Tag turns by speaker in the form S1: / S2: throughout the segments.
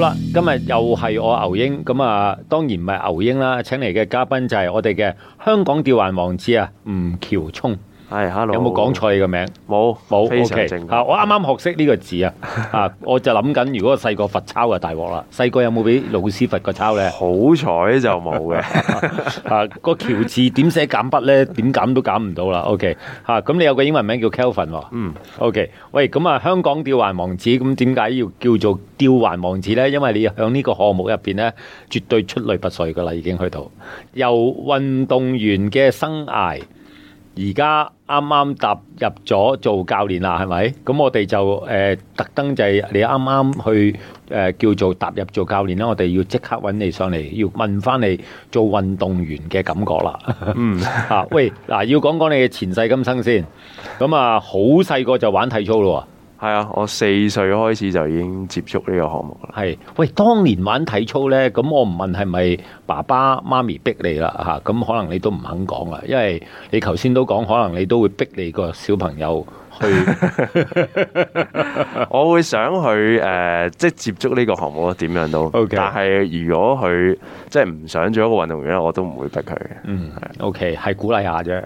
S1: 好啦，今日又係我牛英，咁、嗯、啊，當然唔係牛英啦，請嚟嘅嘉賓就係我哋嘅香港吊環王子啊，吳翹充。係 Hi，Hello！有冇講錯你個名？冇有，冇有，非常正，吓、okay 啊，我啱啱學識呢個字啊！吓、 啊，我就諗緊，如果細個罰抄就大鑊啦。細個有冇俾老師罰過抄咧？好彩就冇嘅。吓、啊，那個翹字點寫減筆咧？點減都減唔到啦。OK，吓，咁、啊、你有個英文名叫 Kelvin、啊、嗯，OK。喂，咁啊，香港吊環王子，咁點解要叫做吊環王子咧？因為你要響呢個項目入邊咧，絕對出類拔萃噶啦，已經去到由運動員嘅生涯。而家啱啱踏入咗做教練啦，係咪？咁我哋就誒、呃、特登就係你啱啱去誒、呃、叫做踏入做教練啦，我哋要即刻揾你上嚟，要問返你做運動員嘅感覺啦。嗯啊，喂，嗱、啊，要講講你嘅前世今生先。咁啊，好細個就玩體操咯。係啊，我四歲開始就已經接觸呢個項目啦。係，喂，當年玩體操呢，咁我唔問係咪爸爸媽咪逼你啦，吓、啊，咁可能你都唔肯講啦，因為你頭先都講，可能你都會逼你個
S2: 小朋友。去， 我會想去誒、呃，即係接觸呢個項目咯，點樣都。Okay. 但係如果佢即係唔想做一個運動員，我都唔會逼佢嘅。嗯，OK，係鼓勵下啫。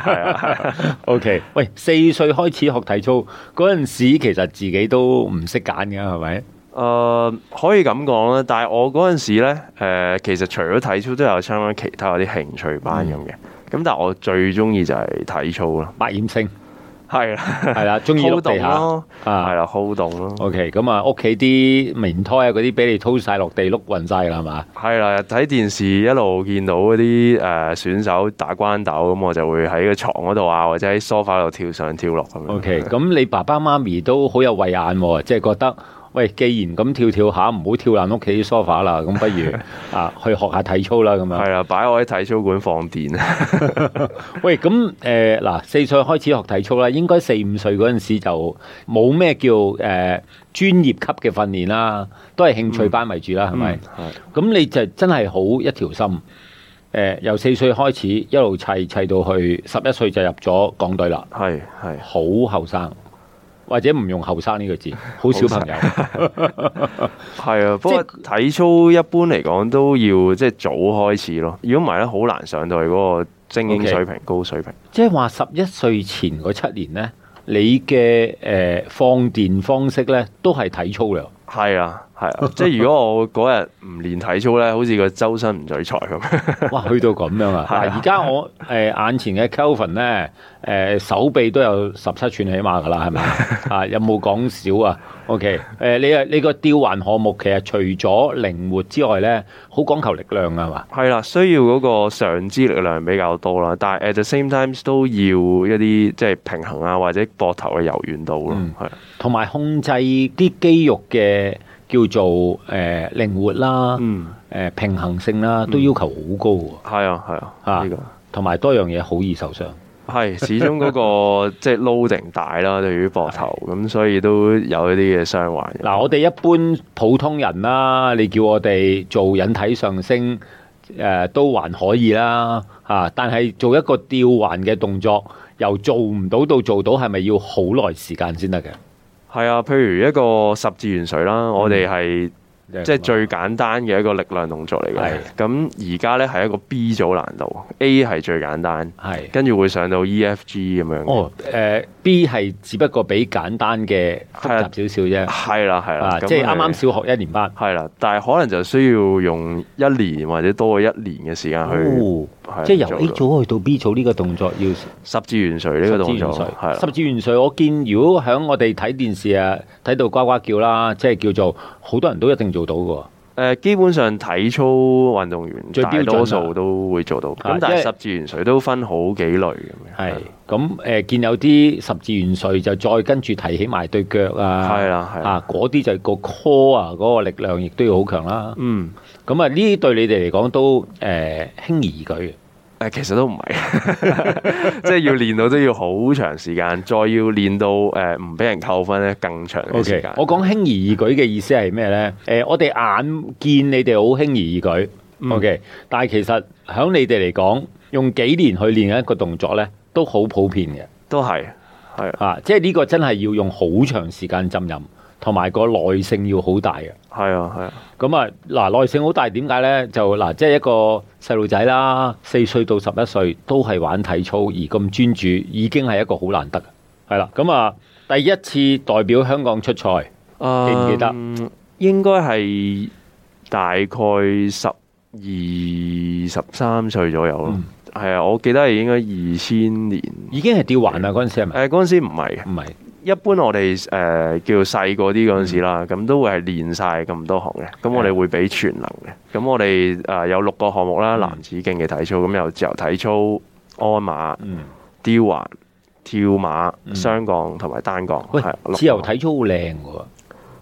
S2: 係啊 ，OK。
S1: 喂，四歲開始學體操嗰陣時，其實自己都唔識揀嘅，係咪？誒、
S2: 呃，可以咁講啦。但係我嗰陣時咧，誒、呃，其實除咗體操都有參加其他啲興趣班咁嘅。咁、嗯、但係我最中意就係體操咯。百厭星。係啦，係啦，中意落地咯，啊，係 啦樂，好動咯。OK，咁啊，屋企啲名胎啊，嗰啲俾你拖晒落地碌暈晒啦，係嘛？係 啦樂，睇 電視一路見到嗰啲誒選手打筋斗，咁我就會喺個床嗰度啊，或者喺梳化度跳上跳落咁樣。OK，咁你爸爸媽咪都好有慧眼，即係覺得。喂，
S1: 既然咁跳跳下，唔好跳爛屋企啲 sofa 啦，咁不如啊去學下體操啦，咁樣係啊，擺我喺體操館放電啊！喂，咁誒嗱，四歲開始學體操啦，應該四五歲嗰陣時就冇咩叫誒專、呃、業級嘅訓練啦，都係興趣班為主啦，係咪、嗯？係吧。咁、嗯、你就真係好一條心、呃，由四歲開始一路砌砌到去十一歲就入咗港隊啦，係
S2: 係，好後生。或者唔用後生呢個字，好小朋友係啊， 不過體操一般嚟講都要即係早開始咯，如果唔係咧，好難上到去嗰個精英水平，Okay. 高水平。即係話十一歲前
S1: 嗰七年呢，你嘅誒、呃、放電方式呢都係體操量，係啊。係啊， 即係如果我嗰日唔練體操咧，好似個周身唔聚財咁。哇，去到咁樣 啊！而家我誒、呃、眼前嘅 Kelvin 咧，誒、呃、手臂都有十七寸起碼噶啦，係咪 啊？有冇講少啊？OK，誒你啊，okay，呃、你個吊環項目其實除咗靈活之外咧，好講求力量啊係嘛？
S2: 係啦，嗯，需要嗰個上肢力量比較多啦，但係 at the same time 都要一啲即係平衡啊，或者膊頭嘅柔軟度咯，係同埋控制啲肌肉嘅。
S1: 叫做誒靈活啦，嗯，誒平衡性啦，都要求好
S2: 高喎。係啊，係啊，嚇，呢個同埋多樣嘢好易受傷。係，始終嗰個即係 loading 大啦，對於膊頭咁，所以都有一啲嘅傷患。嗱，我哋一
S1: 般普通人啦，你叫我哋做引體上升，誒都還可以啦，嚇。但係做一個吊環嘅動作，由做唔到到做到，係咪要好耐時間先得
S2: 嘅？係啊，譬如一個十字懸垂啦，嗯、我哋係即係最簡單嘅一個力量動作嚟嘅。咁而家呢係一個 B 組難度，A 係最簡單，跟住是的 會上到 EFG 咁樣，哦。呃 B 係只不過比簡單嘅的複雜少少啫，係啦係啦，即係啱啱小學一年班，係啦，但係可能就需要用一年或者多過一年嘅時間去，即係、哦、的由 A
S1: 組去到 B 組呢個動作要十
S2: 字懸垂呢個動作，十字懸
S1: 垂，的垂我見如果響我哋睇電視啊，睇到呱呱叫啦，即係叫做
S2: 好多人都一定做到㗎。誒，基本上體操運動員大多數都會做到，咁的但係十字懸垂都分好幾類咁樣。係的，咁誒的、呃、見有
S1: 啲十字懸垂就再跟住提起埋對腳啊，係啦，啊嗰啲就個 core 啊嗰、嗰個力量亦都要好強啦。嗯，咁啊呢啲對你哋嚟講都誒
S2: 輕、呃、而易舉。誒，其實都唔係，即係要練到都要好長時間，再要練到誒唔俾人扣分咧，更長嘅時間。Okay, 我講輕而易舉嘅意
S1: 思係咩咧？誒、呃，我哋眼見你哋好輕而易舉，嗯，OK，但係其實喺你哋嚟講，用幾年去練一個動作咧，都好普遍嘅，都係係啊，即係呢個真係要用好長時間浸淫。同埋個耐性要好大嘅，係啊，係啊。咁啊，嗱，耐性好大，點解呢？就嗱，即係一個細路仔啦，四歲到十一歲都係玩體操而咁專注，已經係一個好難得嘅，係啦、啊。咁、嗯、啊，第一次代表香港出賽，嗯、記唔記得？
S2: 應該係大概十二、十三歲左右咯。係、嗯、啊，我記得係應該二千年，已經係吊環啦。嗰陣時係咪？誒、呃，嗰陣時唔係，唔係。一般我哋誒叫細個啲嗰陣時啦，咁都會係練晒咁多項嘅，咁我哋會俾全能嘅，咁我哋誒有六個項目啦，男子競技體操，咁有自由體操、鞍馬、吊環、跳馬、雙槓同埋單槓。喂，自由體操好靚喎！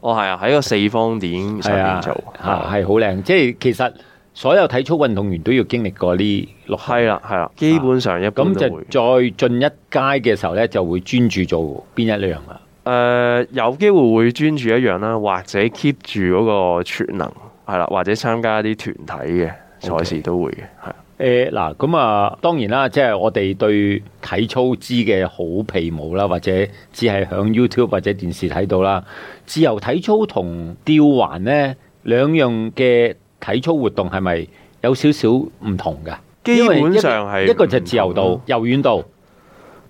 S2: 哦，係啊，喺個四
S1: 方點上面做吓，係好靚，即係其實。所有體操運動員都要經歷過呢六項，係啦，係啦，基本上一般咁就再進一階嘅時候呢，就會專注做邊一兩
S2: 樣啦。誒、呃，有機會會專注一樣啦，或者 keep 住嗰個全能，係啦，或者參加啲團體嘅賽 Okay. 事都會
S1: 嘅，係。誒嗱、呃，咁啊，當然啦，即、就、係、是、我哋對體操知嘅好皮毛啦，或者只係響 YouTube 或者電視睇到啦。自由體操同吊環呢兩樣嘅。體操活動係咪有少少唔同㗎？基本上係一個
S2: 就係自由度、柔軟度。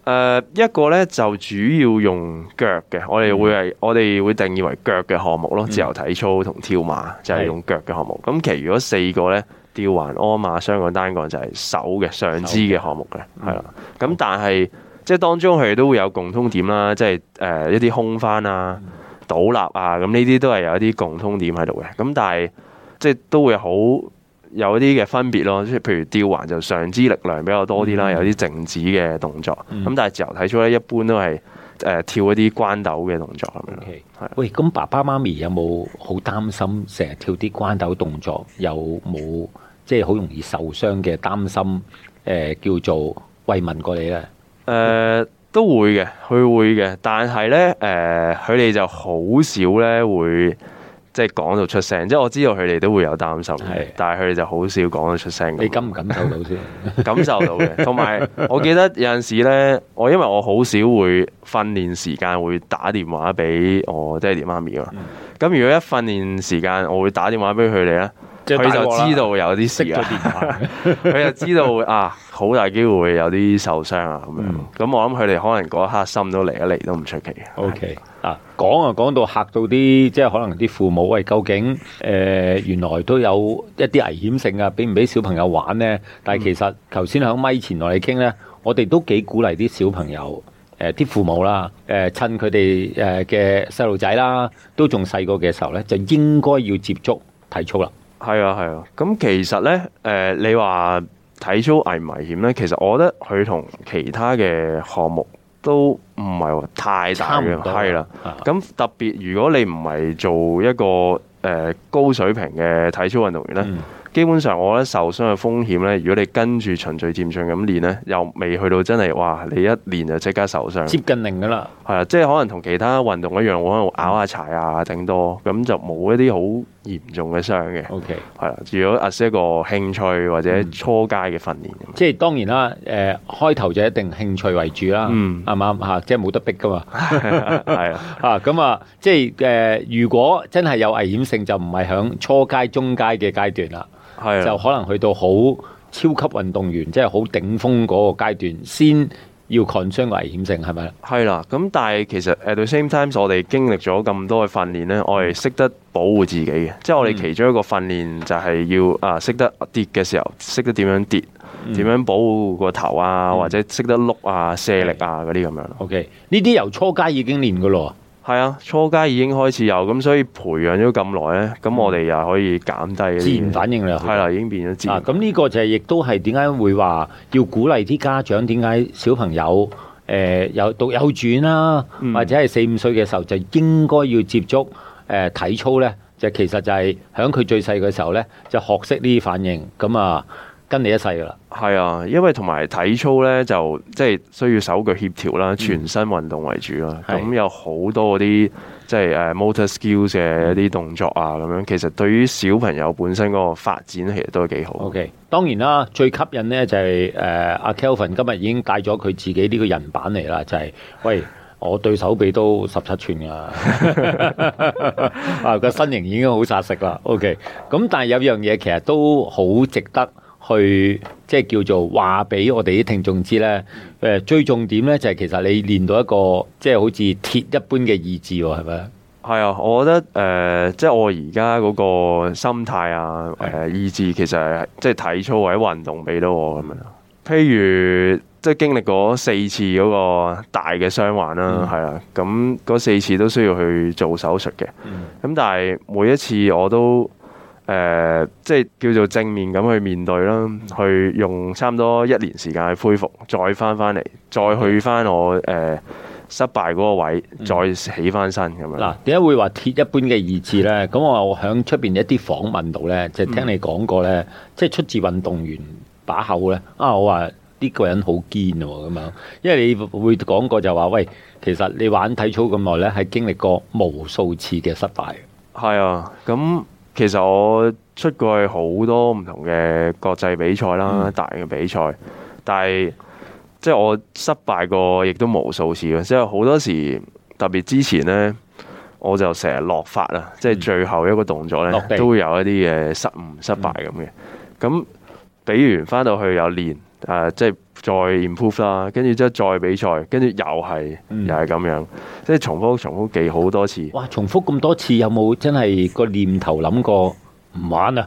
S2: 誒，一個咧就主要用腳嘅，嗯、我哋會係我哋會定義為腳嘅項目咯。自由體操同跳馬、嗯、就係用腳嘅項目。咁是其餘嗰四個咧，吊環、鞍馬、雙槓、單槓就係手嘅上肢嘅項目嘅，係啦。咁但係即係當中佢哋都會有共通點啦，即係誒一啲空翻啊、倒立啊，咁呢啲都係有一啲共通點喺度嘅。咁但係即係都會好有啲嘅分別咯，即係譬如吊環就上肢力量比較多啲啦，有啲靜止嘅動作。咁但係自由體操咧，一般都係誒跳一啲關鬥嘅動作。OK，係。
S1: 喂，咁爸爸媽咪有冇好擔心，成日跳啲關鬥動作，有冇即係好容易受傷嘅擔心？誒，叫做慰問過你咧。
S2: 誒，都會嘅，佢會嘅，但係咧，誒，佢哋就好少咧會。即係講到出聲，即係我知道佢哋都會有擔心，的但係佢哋就好少講到出聲。你感唔感受到先？ 感受到嘅，同埋 我記得有陣時咧，我因為我好少會訓練時間會打電話俾我爹哋媽咪啦。咁如果一訓練時間，我會打電話俾佢哋咧。即佢就知道有啲事啊！佢就知道啊，好大機會有啲受傷啊咁樣。咁我諗佢哋可能嗰一刻心都嚟一嚟都唔出奇。O K 啊，講啊講到嚇到啲，即係可能啲父
S1: 母喂，究竟誒原來都有一啲危險性啊，俾唔俾小朋友玩呢？但係其實頭先喺咪前同你傾呢，我哋都幾鼓勵啲小朋友誒啲父母啦，誒趁佢哋誒嘅細路仔啦，都仲細個嘅時候呢，
S2: 就應該要接觸體操啦。係啊，係啊。咁其實呢，誒，你話體操危唔危險呢？其實我覺得佢同其他嘅項目都唔係太大嘅，係啦。咁特別如果你唔係做一個誒高水平嘅體操運動員呢，基本上我覺得受傷嘅風險呢，如果你跟住循序漸進咁練呢，又未去到真係哇，你一練就即刻受傷。接近零噶啦。係啊，即係可能同其他運動一樣，我喺度拗下柴啊，整多，咁就冇一啲好。嚴重嘅傷嘅，OK，係啦，如果阿 Sir 一個興趣或者初階嘅訓練，即係當然啦，誒、呃、開頭就一定興趣為主啦，啱唔啱
S1: 吓？即係冇得逼噶嘛，係 啊 的，吓咁啊，即係誒、呃，如果真係有危險性，就唔係響初階、中階嘅階段啦，係的就可能去到好超級運動員，即係好頂峰嗰個階段先。要控制危險性係咪？
S2: 係啦，咁但係其實 at the same time 我哋經歷咗咁多嘅訓練呢，我哋識得保護自己嘅。嗯、即係我哋其中一個訓練就係要啊識得跌嘅時候，識得點樣跌，點、嗯、樣保護個頭啊，嗯、或者識得碌啊、卸力啊嗰啲咁樣。的 OK，呢啲由初階已經練嘅咯。係啊，初階已經開始有，咁所以培養咗咁耐咧，咁我哋又可以減低自然反應量。係啦，已經變咗自然反應。啊，咁呢個就係、是、亦
S1: 都係點解會話要鼓勵啲家長？點解小朋友誒，有、呃、讀幼轉啦、啊、嗯、或者係四五歲嘅時候就應該要接觸誒、呃、體操咧？就其實就係喺佢最細嘅時候咧，就學識呢啲反應。咁啊。跟你一世噶啦，
S2: 係啊，因為同埋體操咧，就即係需要手腳協調啦，全身運動為主啦，咁、嗯、有好多啲即係誒、uh, motor skills 嘅一啲動作啊，咁樣其實對於小朋友本身嗰個發展，其實都係幾好。O、okay, K，當然啦，
S1: 最吸引咧就係、是、誒阿、uh, Kelvin 今日已經帶咗佢自己呢個人板嚟啦，就係、是、喂我對手臂都十七寸噶， 啊個身形已經好殺食啦。O K，咁但係有樣嘢其實都好值得。去即係叫做話俾我哋啲聽眾知咧，誒、呃、最重點咧就係其實你練到
S2: 一個即係好似鐵一般嘅意志喎、哦，係咪？係啊，我覺得誒、呃，即係我而家嗰個心態啊，誒、呃、意志其實係即係體操或者運動俾到我咁樣。譬如即係經歷過四次嗰個大嘅傷患啦，係啊，咁嗰、嗯啊、四次都需要去做手術嘅，咁、嗯、但係每一次我都。誒、呃，即係叫做正面咁去面對啦，去用差唔多一年時間去恢復，再翻翻嚟，再去翻我誒、呃、失敗嗰個位，再起翻身咁樣。嗱、嗯，點解會話鐵一般嘅意志呢？
S1: 咁我話我響出邊一啲訪問度呢，就是、聽你講過呢，嗯、即係出自運動員把口呢。啊，我話呢個人好堅啊，咁樣。因為你會講過就話，喂，其實你玩體操咁耐呢，係經歷過無數次嘅失敗。
S2: 係啊，咁、嗯。嗯嗯其實我出過去好多唔同嘅國際比賽啦，大型嘅比賽，但係即係我失敗過，亦都無數次。即係好多時，特別之前呢，我就成日落法啦，即係最後一個動作呢，都會有一啲嘅失誤、失敗咁嘅。咁比完翻到去有練啊，即係。再 improve 啦，跟住之後再比賽，跟住又係又係咁樣，即係重複重複記好多次。哇，重複咁多次，有冇真係個念頭諗過唔玩啊？誒、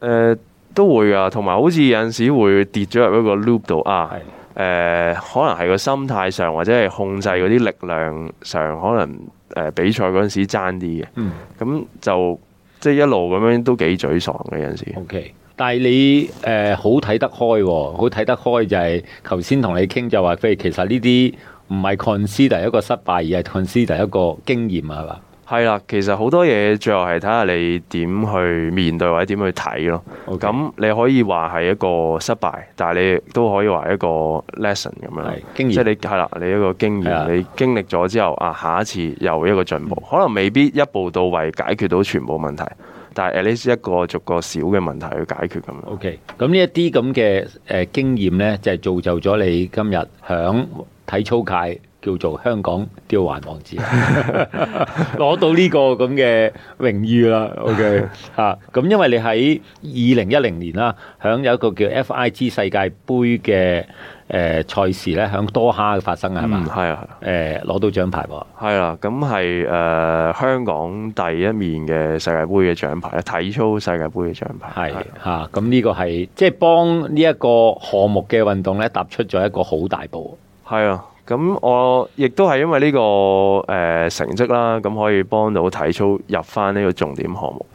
S2: 呃，都會噶，同埋好似有陣時會跌咗入一個 loop 度啊。誒是的、呃，可能係個心態上，或者係控制嗰啲力量上，可能誒、呃、比賽嗰陣時爭啲嘅。嗯就，咁就即係一路咁樣都幾沮喪嘅有陣時。O K。但係你誒、呃、好
S1: 睇得開、哦，好睇得開就係頭先同你傾就話，譬如其實呢啲唔係
S2: consider 一個失敗，而係 consider 一個經驗啊嘛。係啦，其實好多嘢最後係睇下你點去面對或者點去睇咯。咁 Okay. 你可以話係一個失敗，但係你都可以話一個 lesson 咁樣，經驗即係你係啦，你一個經驗，的你經歷咗之後啊，下一次又一個進步，嗯、可能未必一步到位解決到全部問題。但係，呢啲一個逐個小嘅問題去解決咁 OK，咁呢一啲咁
S1: 嘅誒經驗呢，就係、是、造就咗你今日喺體操界叫做香港吊環王子，攞 到呢個咁嘅榮譽啦。OK，嚇、 啊，咁因為你喺二零一零年啦，喺有一個叫 FIG 世界盃嘅。誒、呃、賽事咧響多哈嘅發生係嘛？嗯，係啊。
S2: 誒攞、呃、到獎牌喎。係啦、啊，咁係誒香港第一面嘅世界盃嘅獎牌，體操世界盃嘅獎牌。係嚇、啊，咁呢、啊、個係即係幫呢一個項目嘅運動咧，踏出咗一個好大步。係啊，咁我亦都係因為呢、這個誒、呃、成績啦，咁可以幫到體操入翻呢個重點項目，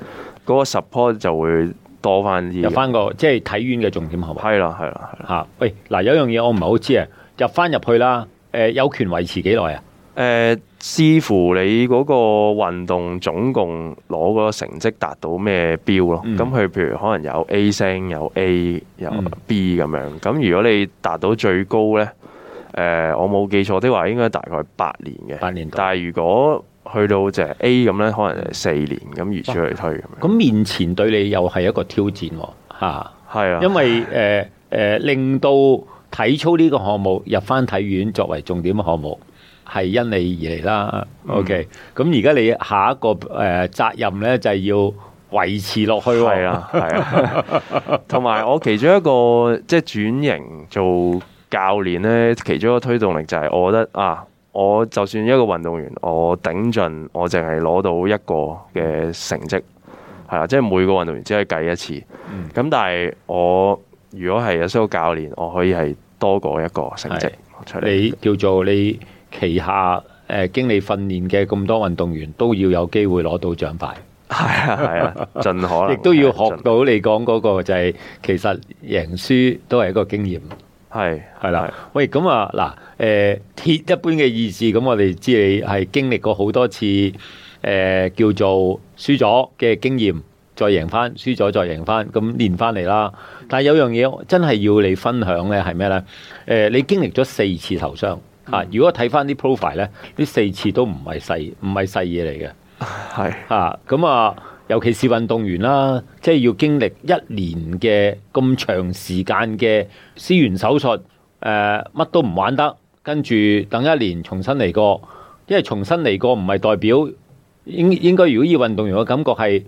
S2: 嗰、那個 support 就會。多翻啲入翻個即係體院嘅重點，係
S1: 嘛？係啦，係啦，嚇！喂，嗱，有樣嘢我唔係好知啊，入翻入去啦，誒、呃，有權維持
S2: 幾耐啊？誒、呃，視乎你嗰個運動總共攞嗰個成績達到咩標咯。咁佢、嗯、譬如可能有 A 聲、有 A、有 B 咁、嗯、樣。咁如果你達到最高咧，誒、呃，我冇記錯的話，應該大概八年嘅。八年，但係如果去到就係 A 咁咧，可能係四年咁，如此越推咁樣。咁面前對你又係一個挑戰吓，係啊，啊啊因為
S1: 誒誒、呃呃、令到體操呢個項目入翻體院作為重點嘅項目，係因你而嚟啦。嗯、OK，咁而家你下一個誒、呃、責任咧就
S2: 係、是、要維持落去，係啊，係啊。同埋、啊啊、 我其中一個即係轉型做教練咧，其中一個推動力就係我覺得啊。我就算一個運動員，我頂盡，我淨係攞到一個嘅成績，係啦，即係每個運動員只可以計一次。咁、嗯、但係，我如果係有收教練，我可以係多過一個成績出嚟。你叫做你
S1: 旗下誒、呃、經理訓練嘅咁多運動員，都要有機會攞到獎牌，係啊係啊，盡可能亦都要學到你講嗰個就係、是、其實贏輸都係一個經驗。係係啦，喂，咁啊，嗱、呃，誒，鐵一般嘅意志，咁我哋知你係經歷過好多次，誒、呃，叫做輸咗嘅經驗，再贏翻，輸咗再贏翻，咁練翻嚟啦。但係有樣嘢真係要你分享咧，係咩咧？誒，你經歷咗四次受傷，吓、啊，如果睇翻啲 profile 咧，呢四次都唔係細唔係細嘢嚟嘅，係吓，咁的啊。尤其是運動員啦，即係要經歷一年嘅咁長時間嘅思源手術，誒、呃、乜都唔玩得，跟住等一年重新嚟過，因為重新嚟過唔係代表應應該。如果要運動員嘅感覺
S2: 係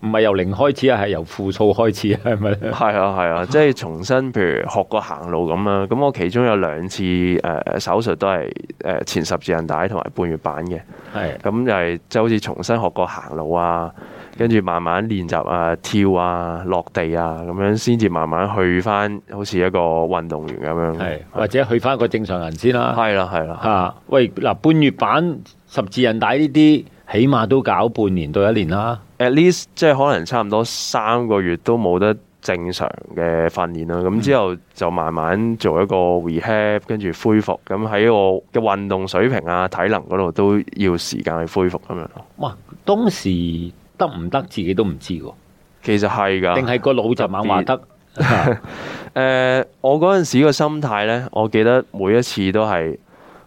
S2: 唔係由零開始，係由負數開始啊？係咪？係啊係啊，即係重新，譬如學過行路咁啊。咁我其中有兩次誒、呃、手術都係誒前十字韌帶同埋半月板嘅，係咁就係即係好似重新學過行路啊！跟住慢慢練習啊，跳啊，落地啊，咁樣，先至慢慢去翻，好似一個運動員咁樣，係或者去翻一個正常人先啦。係啦係啦吓，
S1: 喂嗱、呃、半月板十字韌帶呢啲，起碼都搞半年到一年啦。
S2: At least、嗯、即係可能差唔多三個月都冇得正常嘅訓練啦。咁之後就慢慢做一個 rehab，跟住恢復。咁喺我嘅運動水平啊，體能嗰度都要時間去恢復咁樣咯。哇，當時。得唔得自己都唔知㗎，其實係噶，定係個腦就猛話得。誒，我嗰陣時個心態呢，我記得每一次都係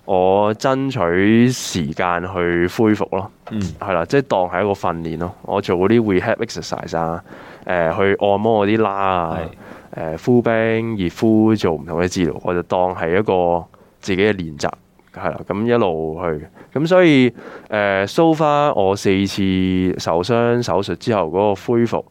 S2: 我爭取時間去恢復咯。嗯，係啦，即係當係一個訓練咯。我做嗰啲 rehab exercise 啊，誒，去按摩我啲拉啊，誒是的、呃，敷冰、熱敷做唔同嘅治療，我就當係一個自己嘅練習。係啦，咁一路去，咁所以誒，so、呃、far 我四次受傷手術之後嗰、那個恢復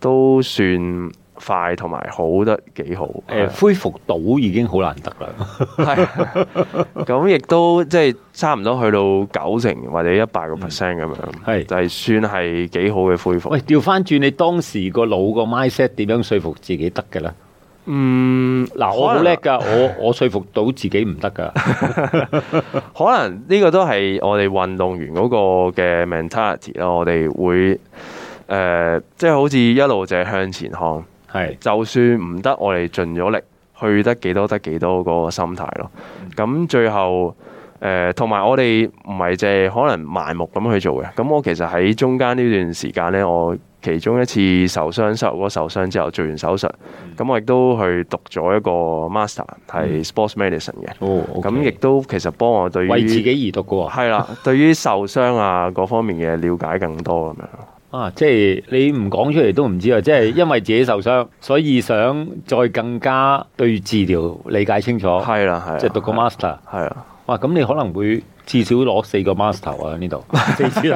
S2: 都算快同埋好得幾好。誒，恢復到已經好難得啦的，係。咁亦都即係差唔多去到九成或者一百個 percent 咁樣，係、嗯、就係算係幾好
S1: 嘅恢復。喂，調翻轉你當時個腦個 mindset 點樣説服自己得嘅咧？嗯，嗱，可能 我好叻噶，我我說服到自己唔
S2: 得噶，可能呢個都係我哋運動員嗰個嘅 mentality 咯，我哋會誒，即係好似一路就係向前看，係是，就算唔得，我哋盡咗力，去得幾多得幾多嗰個心態咯。咁最後誒，同、呃、埋我哋唔係淨係可能盲目咁去做嘅。咁我其實喺中間呢段時間咧，我。其中一次受傷，受嗰個受傷之後做完手術，咁我亦都去讀咗一個 master 係 sports medicine 嘅，咁亦都其實幫我對於為自己而讀嘅喎，係啦，對於受傷啊嗰方面嘅了解更多咁樣。
S1: 啊，即係你唔講出嚟都唔知啊，即係因為自己受傷，所以想再更加對治療理解清楚。係啦，係即係讀個 master 係啊。哇，咁你可能會。至少攞四個 master 啊！呢度四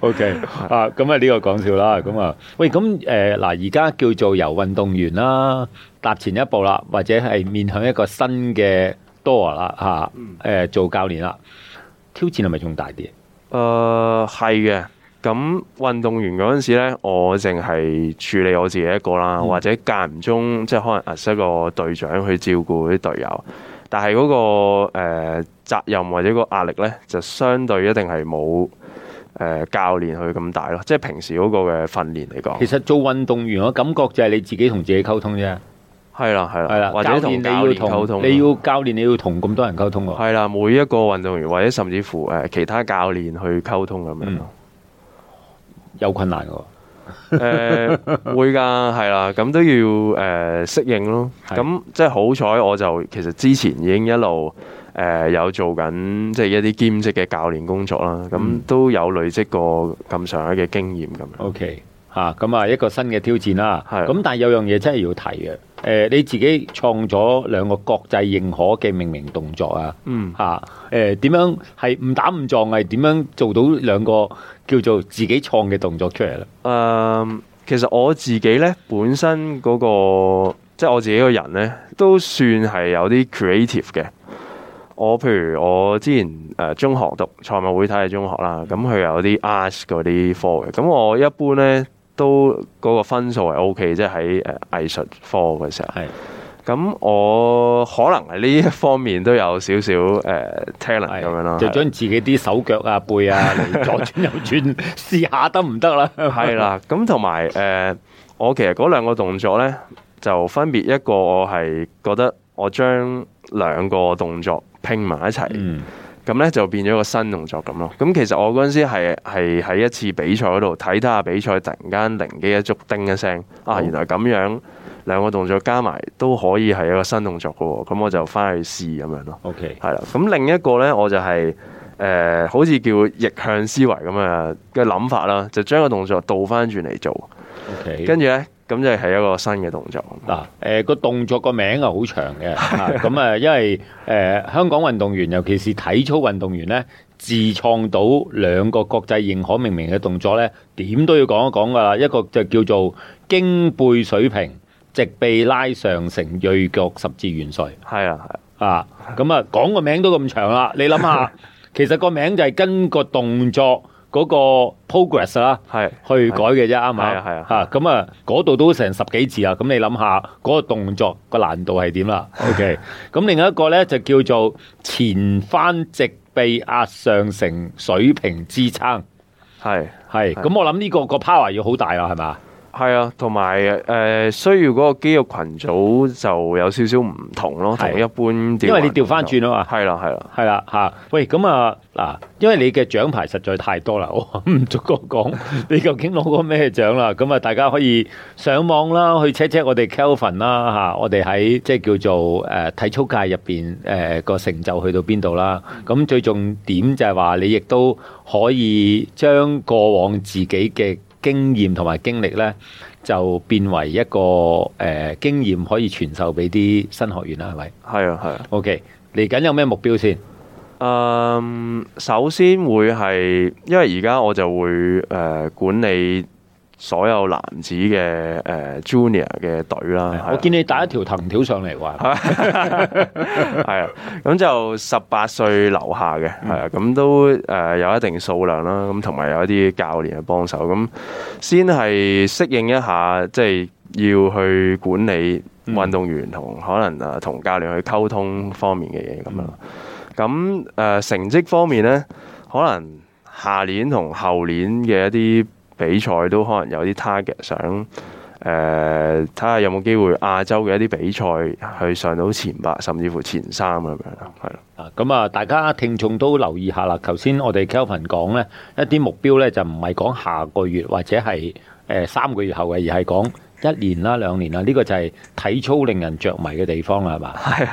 S1: OK 啊！咁啊呢個講笑啦！咁、嗯、啊，喂咁誒嗱，而家、呃、叫做由運動員啦踏前一步啦，或者係面向一個新嘅多啊啦嚇誒做教練啦，挑戰係咪仲大啲？誒
S2: 係嘅，咁運動員嗰陣時咧，我淨係處理我自己一個啦，嗯、或者間唔中即係可能阿 Sir 個隊長去照顧啲隊友。但係嗰個誒責任或者個壓力呢，就相對一定係冇誒教練去咁大咯，即係平時嗰個嘅訓練嚟講。其實做運動員，我感覺就係你自己同自己溝通啫。係啦，係啦，教練你要同你要教練你要同咁多人溝通啊。係啦，每一個運動員或者甚至乎誒其他教練去溝通咁樣。嗯。有困難噶。誒、 呃，會噶係啦，咁都要誒適、呃、應咯。咁是的 即係好彩，我就其實之前已經一路誒、呃、有做緊即係一啲兼職嘅教練工作啦。咁都有累積過咁上下嘅經驗咁。OK，吓咁啊一個新嘅挑戰啦。咁是的 但係有樣嘢
S1: 真係要提嘅。誒，你自己創咗兩個國際認可嘅命名動作、嗯、啊？嗯，嚇，誒點樣係誤打誤撞，係點樣做到兩個叫做自己創嘅動作出嚟咧？
S2: 誒、嗯，其實我自己咧，本身嗰、那個即係我自己個人咧，都算係有啲 creative 嘅。我譬如我之前誒中學讀財務會計嘅中學啦，咁、嗯、佢有啲 art 嗰啲科嘅，咁我一般咧。都嗰個分數係 OK，即係喺誒藝術科嘅時候。係。咁我可能係呢一方面都有少少誒 talent 咁樣咯。就將自己啲手腳啊、背啊，左轉右轉 試下得唔得啦？係啦。咁同埋誒，我其實嗰兩個動作咧，就分別一個我係覺得我將兩個動作拼埋一齊。嗯咁咧就變咗個新動作咁咯。咁其實我嗰陣時係喺一次比賽嗰度睇睇下比賽，突然間靈機一觸叮一聲，啊原來咁樣兩個動作加埋都可以係一個新動作㗎喎。咁我就翻去試咁樣咯。OK，係啦。咁另一個呢，我就係、是、誒、呃、好似叫逆向思維咁嘅嘅諗法啦，就將個動作倒翻轉嚟做。
S1: OK，跟
S2: 住呢。咁就係一個新嘅動作。嗱、啊，誒、呃、個動作個名 係好長嘅，咁啊因為誒、呃、香港
S1: 運動員尤其是體操運動員呢，自創到兩個國際認可命名嘅動作呢，點都要講一講噶啦。一個就叫做經背水平直臂拉上成銳角十字懸垂。係 啊，嗯、啊咁啊講個名都咁長啦，你諗下，其實個名就係跟個動作。嗰個 progress 啦，係去改嘅啫，啱唔啱？嚇咁吧啊，嗰度都成十幾字啊！咁你諗下嗰個動作個難度係點啦？OK，咁、嗯、另一個咧就叫做前翻直臂壓上成水平支撐，係
S2: 係。咁我諗呢個個 power 要好大啦，係嘛？係啊，同埋誒需要嗰個肌肉群組就有少少唔同咯，同、啊、一般因為你調翻轉啊嘛，係
S1: 啦係啦，係啦吓。喂，咁啊嗱，因為你嘅獎牌實在太多啦，我唔足夠講你究竟攞過咩獎啦。咁啊，大家可以上網啦，去 check check 我哋 Kelvin 啦吓、啊，我哋喺即係叫做誒、呃、體操界入邊誒個成就去到邊度啦。咁最重點就係話，你亦都可以將過往自己嘅。經驗同埋經歷呢，就變為一個誒、呃、經驗，可以傳授俾啲新學員啦，係咪？係啊，係啊。OK，嚟緊有咩目
S2: 標先？嗯，首先會係，因為而家我就會誒、呃、管理。所有男子嘅誒、呃、junior 嘅隊啦， 是我見你帶一條藤條上嚟喎， 係啊，咁就十八歲樓下嘅，係啊，咁都誒有一定數量啦，咁同埋有一啲教練嘅幫手，咁先係適應一下，即、就、係、是、要去管理運動員同、嗯、可能啊同教練去溝通方面嘅嘢咁咯。咁誒成績方面咧，可能下年同後年嘅一啲。比賽都可能有啲 target，想誒睇下有冇機會亞洲嘅一啲比賽去上到前八，甚至乎前三，係咪啊？係啊。啊，
S1: 咁啊，大家聽眾都留意下啦。頭先我哋 Kelvin 講咧，一啲目標咧就唔係講下個月或者係誒三個月後嘅，而係講一年啦、兩年啦。呢個就係體操令人着迷嘅地方啦，係嘛？係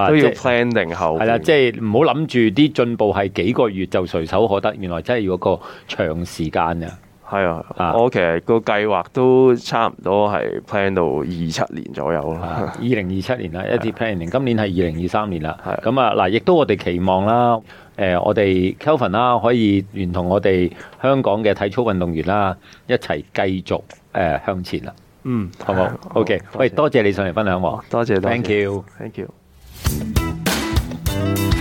S1: 啊，都要 plan 定後。係啦，即係唔好諗住啲進步係幾個月就隨手可得，原來真係要個長時間啊！係啊，我其實個計劃都差唔多係 plan 到二七年左右啦。二零二七年啦，啊、一啲 planning，今年係二零二三年啦。係咁啊，嗱、啊，亦都我哋期望啦，誒、呃，我哋 Kelvin 啦、啊，可以連同我哋香港嘅體操運動員啦、啊，一齊繼續誒、呃、向前啦。嗯，好唔好？OK，喂，多謝你上嚟分享。多謝，多謝，Thank you，Thank you。Thank you.